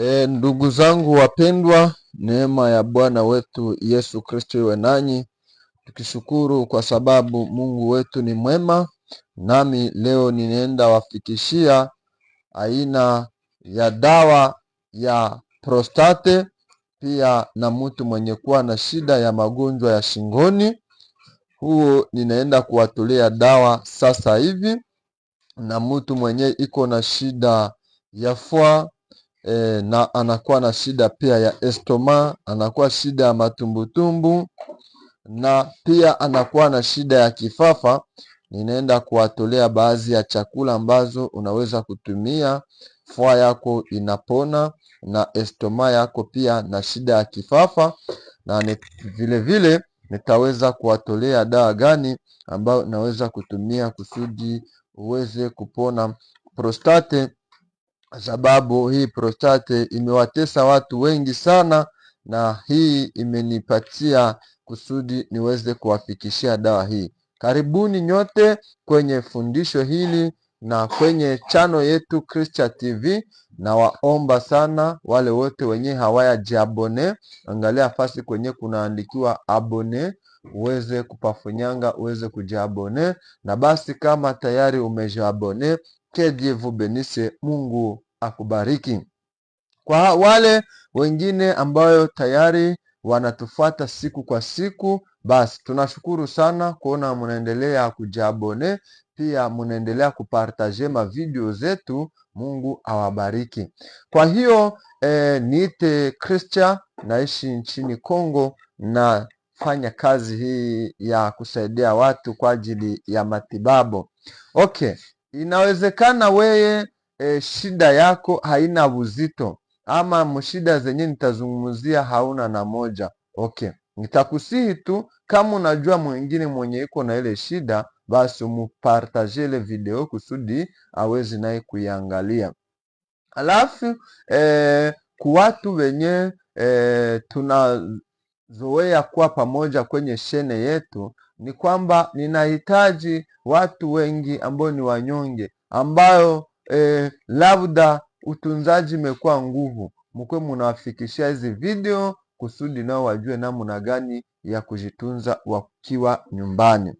E, ndugu zangu wapendwa, neema ya Bwana wetu Yesu Kristo iwe nanyi, tukishukuru kwa sababu Mungu wetu ni mwema. Nami leo ninaenda wafikishia aina ya dawa ya prostate, pia na mtu mwenye kuwa na shida ya magonjwa ya shingoni. Huo ninaenda kuwatolea dawa sasa hivi, na mtu mwenye iko na shida ya fua e, na anakuwa na shida pia ya estoma, anakuwa shida ya matumbutumbu na pia anakuwa na shida ya kifafa. Ninaenda kuwatolea baadhi ya chakula ambazo unaweza kutumia, fua yako inapona na estoma yako pia na shida ya kifafa, na ne, vile vile nitaweza kuwatolea dawa gani ambayo unaweza kutumia kusudi uweze kupona prostate kwa sababu hii prostate imewatesa watu wengi sana, na hii imenipatia kusudi niweze kuwafikishia dawa hii. Karibuni nyote kwenye fundisho hili na kwenye chano yetu Christian TV. Nawaomba sana wale wote wenye hawaya angalia fasi kwenye kunaandikiwa abone uweze kupafunyanga uweze kujiabone, na basi kama tayari umejiabone, que Dieu vous benisse, Mungu akubariki. Kwa wale wengine ambayo tayari wanatufata siku kwa siku, basi tunashukuru sana kuona munaendelea kujabone, pia munaendelea kupartaje mavideo zetu. Mungu awabariki. Kwa hiyo eh, niite Christian, naishi nchini Kongo na fanya kazi hii ya kusaidia watu kwa ajili ya matibabu. Okay, inawezekana weye e, shida yako haina uzito ama mshida zenye nitazungumzia hauna na moja. Okay, nitakusihi tu kama unajua mwingine mwenye iko na ile shida, basi umupartaje ile video kusudi awezi naye kuiangalia. Alafu e, eh, kuwatu wenye e, tunazoea kuwa pamoja kwenye shene yetu ni kwamba ninahitaji watu wengi ambao ni wanyonge ambayo eh, labda utunzaji imekuwa nguvu, mkuwe munawafikishia hizi video kusudi nao wajue namna gani ya kujitunza wakiwa nyumbani.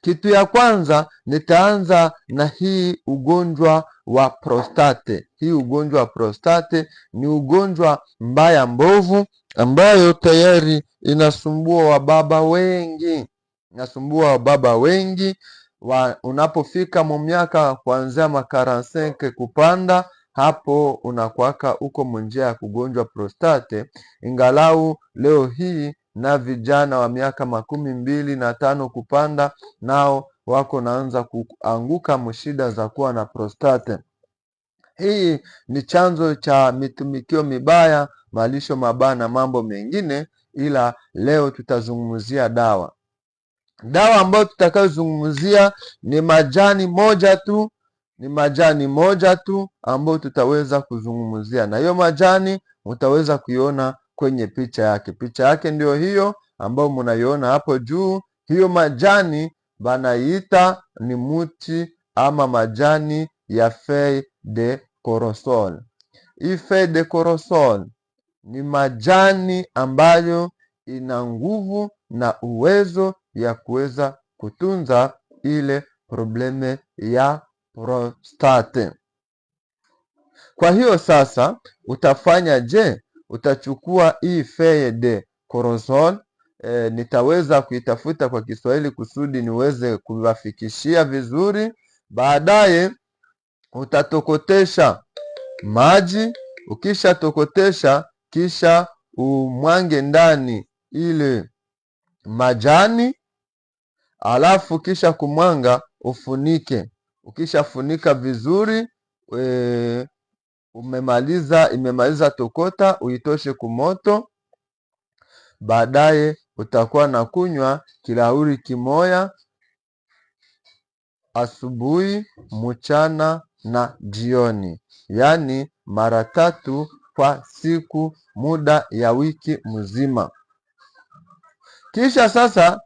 Kitu ya kwanza nitaanza na hii ugonjwa wa prostate. Hii ugonjwa wa prostate ni ugonjwa mbaya mbovu ambayo tayari inasumbua wababa wengi, inasumbua wababa wengi wa, unapofika mumiaka kuanzia makaransenke kupanda hapo unakwaka uko munjia ya kugonjwa prostate. Ingalau leo hii na vijana wa miaka makumi mbili na tano kupanda nao wako naanza kuanguka mshida za kuwa na prostate. Hii ni chanzo cha mitumikio mibaya, malisho mabaya na mambo mengine, ila leo tutazungumzia dawa. Dawa ambayo tutakayozungumzia ni majani moja tu, ni majani moja tu ambayo tutaweza kuzungumzia, na hiyo majani utaweza kuiona kwenye picha yake. Picha yake ndiyo hiyo ambayo mnaiona hapo juu. Hiyo majani banaita ni muti ama majani ya fei de corossol. Hii de corossol ni majani ambayo ina nguvu na uwezo ya kuweza kutunza ile probleme ya prostate. Kwa hiyo sasa utafanya je? Utachukua hii e feye de e, nitaweza kuitafuta kwa Kiswahili kusudi niweze kuwafikishia vizuri. Baadaye utatokotesha maji, ukishatokotesha kisha umwange ndani ile majani alafu kisha kumwanga ufunike. Ukishafunika vizuri e, umemaliza imemaliza tokota, uitoshe kumoto. Baadaye utakuwa na kunywa kilauri kimoya asubuhi, mchana na jioni, yaani mara tatu kwa siku, muda ya wiki mzima. Kisha sasa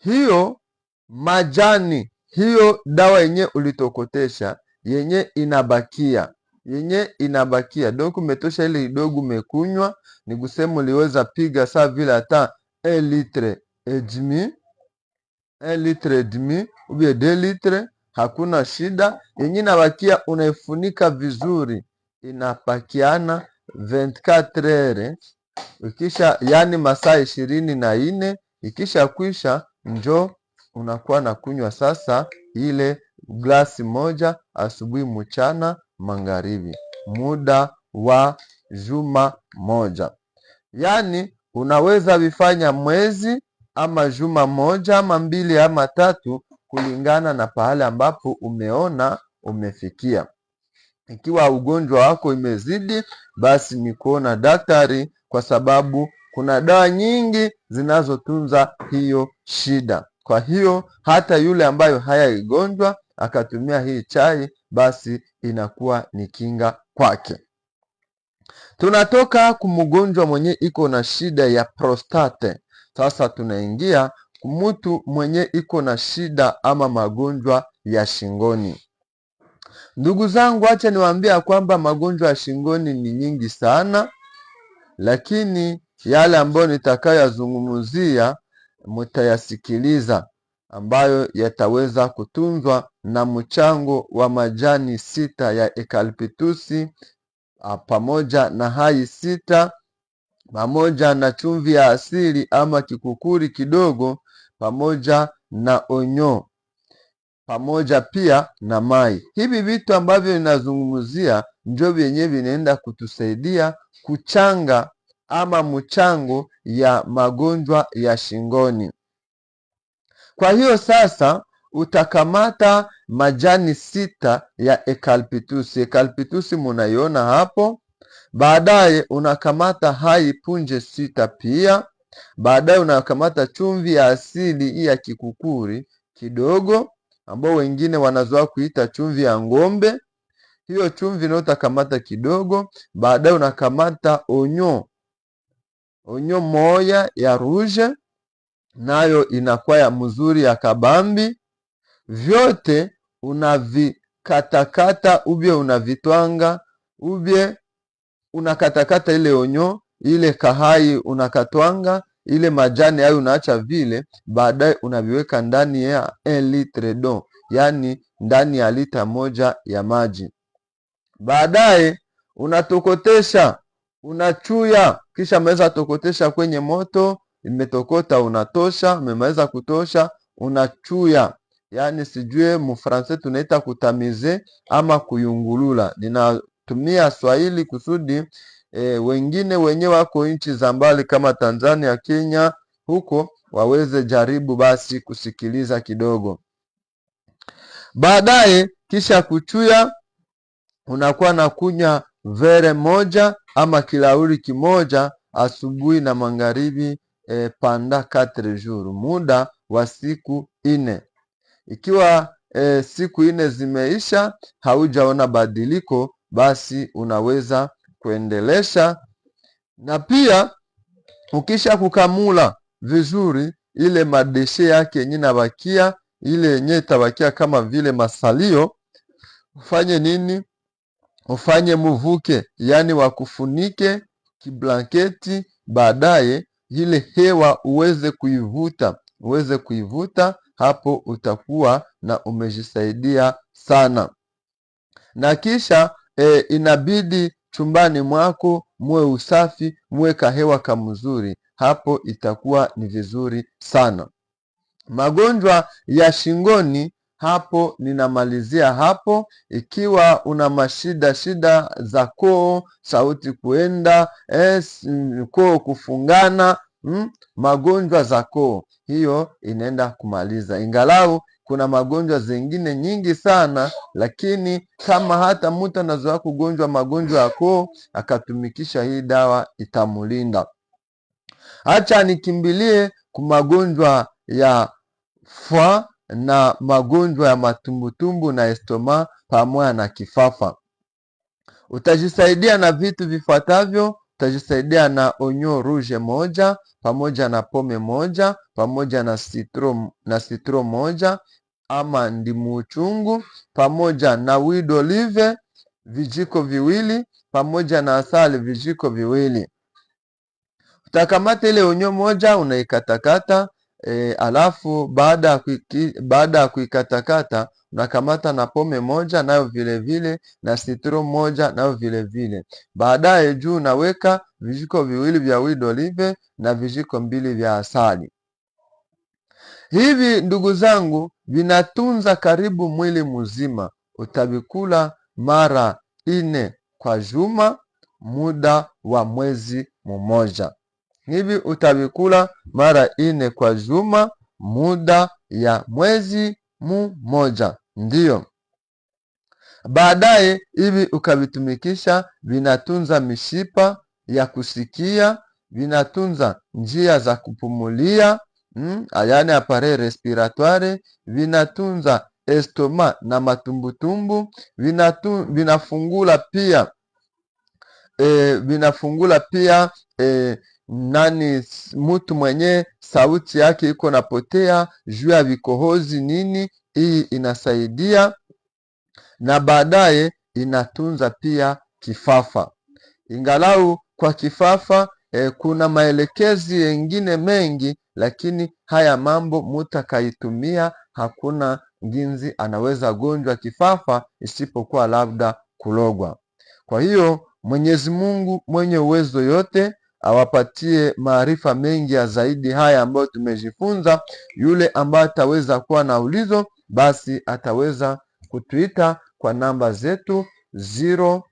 hiyo majani, hiyo dawa yenye ulitokotesha, yenye inabakia yenye inabakia doku metosha ile idogo mekunywa, ni kusema uliweza piga saa vile hata elitre edmi elitre edmi ubie litre hakuna shida. Yenye inabakia unaifunika vizuri, inapakiana 24 heures, ikisha yani masaa ishirini na ine ikisha kwisha njo unakuwa na kunywa sasa ile glasi moja asubuhi, mchana, magharibi, muda wa juma moja. Yaani unaweza vifanya mwezi ama juma moja ama mbili ama tatu, kulingana na pahali ambapo umeona umefikia. Ikiwa ugonjwa wako imezidi, basi ni kuona daktari, kwa sababu kuna dawa nyingi zinazotunza hiyo shida. Kwa hiyo hata yule ambayo hayaigonjwa akatumia hii chai, basi inakuwa ni kinga kwake. Tunatoka kumgonjwa mwenye iko na shida ya prostate, sasa tunaingia mtu mwenye iko na shida ama magonjwa ya shingoni. Ndugu zangu, acha niwaambie kwamba magonjwa ya shingoni ni nyingi sana, lakini yale ambayo nitakayazungumzia mutayasikiliza, ambayo yataweza kutunzwa na mchango wa majani sita ya ekalpitusi ah, pamoja na hai sita pamoja na chumvi ya asili ama kikukuri kidogo pamoja na onyo pamoja pia na mai. Hivi vitu ambavyo ninazungumzia ndio vyenyewe vinaenda kutusaidia kuchanga ama mchango ya magonjwa ya shingoni. Kwa hiyo sasa utakamata majani sita ya ekalpitusi. Ekalpitusi munaiona hapo. Baadaye unakamata hai punje sita pia. Baadaye unakamata chumvi ya asili hii ya kikukuri kidogo, ambao wengine wanazoa kuita chumvi ya ng'ombe. Hiyo chumvi nayo utakamata kidogo. Baadaye unakamata onyo onyo moya ya ruje nayo inakuwa ya mzuri ya kabambi, vyote unavikatakata ubye unavitwanga ubye unakatakata ile onyo ile kahai unakatwanga ile majani hayo unaacha vile, baadaye unaviweka ndani ya un litre d'eau, yaani ndani ya lita moja ya maji. Baadaye unatokotesha unachuya, kisha ameweza tokotesha kwenye moto, imetokota unatosha, umemaliza kutosha, unachuya. Yaani sijue mufranse tunaita kutamize ama kuyungulula. Ninatumia Swahili kusudi e, wengine wenye wako nchi za mbali kama Tanzania, Kenya huko waweze jaribu basi kusikiliza kidogo. Baadaye kisha kuchuya unakuwa na kunywa vere moja ama kilauri kimoja asubuhi na magharibi e, panda katre jours, muda wa siku nne. Ikiwa e, siku ine zimeisha haujaona badiliko, basi unaweza kuendelesha. Na pia ukisha kukamula vizuri ile madeshe yake yenye nabakia ile yenye itabakia kama vile masalio, ufanye nini? ufanye muvuke, yaani wakufunike kiblanketi, baadaye ile hewa uweze kuivuta, uweze kuivuta, hapo utakuwa na umejisaidia sana. Na kisha e, inabidi chumbani mwako muwe usafi, muwe kahewa kamzuri, hapo itakuwa ni vizuri sana. Magonjwa ya shingoni hapo ninamalizia hapo. Ikiwa una mashida shida za koo, sauti kuenda, es, eh, koo kufungana, mm, magonjwa za koo, hiyo inaenda kumaliza. Ingalau kuna magonjwa zingine nyingi sana, lakini kama hata mtu anazoea kugonjwa magonjwa ya koo akatumikisha hii dawa itamulinda Acha nikimbilie kumagonjwa ya fa na magonjwa ya matumbutumbu na estoma pamoja na kifafa. Utajisaidia na vitu vifuatavyo: utajisaidia na onyo ruje moja pamoja na pome moja pamoja na sitro, na sitro moja ama ndimu uchungu pamoja na wido olive vijiko viwili pamoja na asali vijiko viwili. Utakamata ile onyo moja unaikatakata e, alafu baada ya kuikatakata unakamata na pome moja nayo vilevile na sitro moja nayo vilevile. Baadaye juu unaweka vijiko viwili vya wine olive na vijiko mbili vya asali. Hivi ndugu zangu, vinatunza karibu mwili mzima. Utavikula mara nne kwa juma muda wa mwezi mmoja hivi utavikula mara ine kwa juma muda ya mwezi mmoja, ndiyo baadaye hivi ukavitumikisha. Vinatunza mishipa ya kusikia, vinatunza njia za kupumulia mm, yaani apare respiratoire, vinatunza estoma na matumbutumbu, vinatun, vinafungula pia e, vinafungula pia e, nani mtu mwenye sauti yake iko napotea juu ya vikohozi nini. Hii inasaidia na baadaye inatunza pia kifafa, ingalau kwa kifafa eh, kuna maelekezi yengine mengi, lakini haya mambo mtu akaitumia, hakuna nginzi anaweza gonjwa kifafa isipokuwa labda kulogwa. Kwa hiyo Mwenyezi Mungu mwenye uwezo yote awapatie maarifa mengi ya zaidi haya ambayo tumejifunza. Yule ambaye ataweza kuwa na ulizo, basi ataweza kutuita kwa namba zetu 0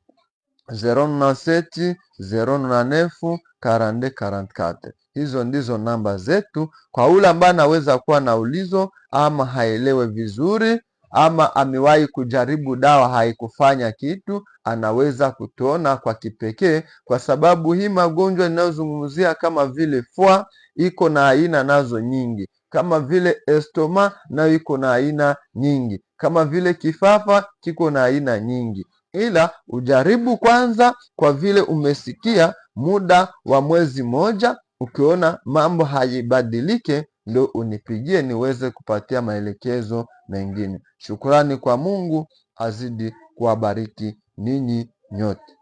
097 Hizo ndizo namba zetu kwa ule ambaye anaweza kuwa na ulizo ama haelewe vizuri ama amewahi kujaribu dawa haikufanya kitu, anaweza kutuona kwa kipekee, kwa sababu hii magonjwa inayozungumzia kama vile fua iko na aina nazo nyingi, kama vile estoma nayo iko na aina nyingi, kama vile kifafa kiko na aina nyingi, ila ujaribu kwanza, kwa vile umesikia muda wa mwezi moja, ukiona mambo haibadilike, ndo unipigie niweze kupatia maelekezo mengine. Shukrani kwa Mungu azidi kuwabariki ninyi nyote.